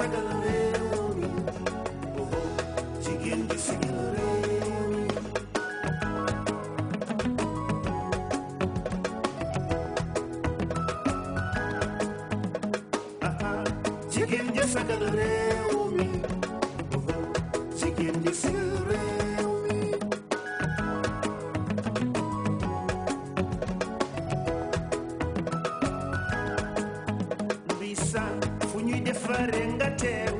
Chicken, yes, I a real me. Chicken, yes, I a real fu ñuy defaree nga teew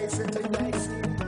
nice and nice.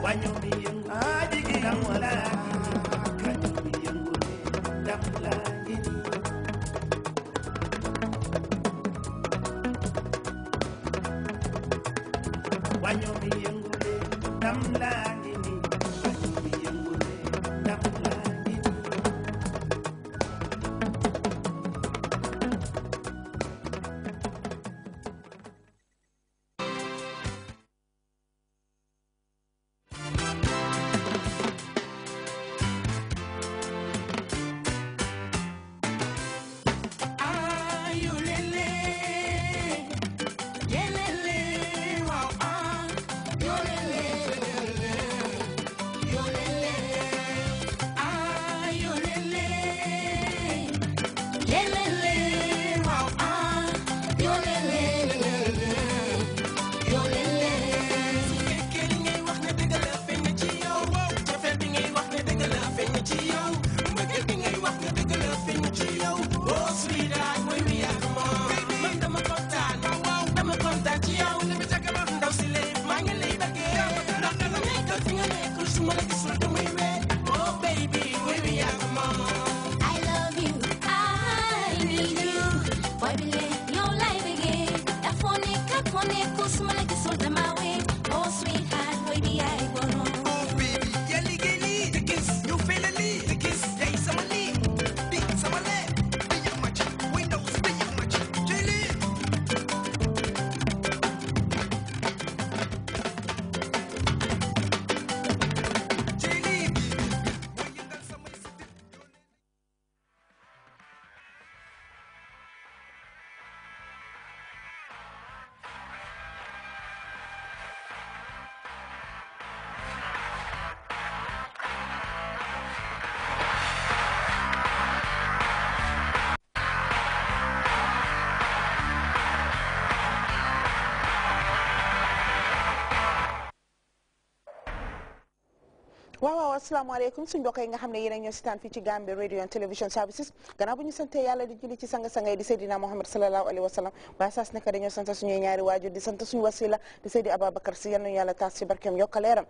Guayomillo. waaw waaw asalaamaaleykum suñ mbokk yi nga xam ne yéen a ñoo sitaan fii ci Gambia radio and television services gannaaw bu ñu sante yàlla di julli ci sanga-sanga yi di Seydina Mohamed sallallahu alayhi wa sallam waaye saas nekk dañoo sant suñuy ñaari waajur di sant suñu wasila di Seydi Ababacar si yal nañu yàlla taas si barkeem yokk leeram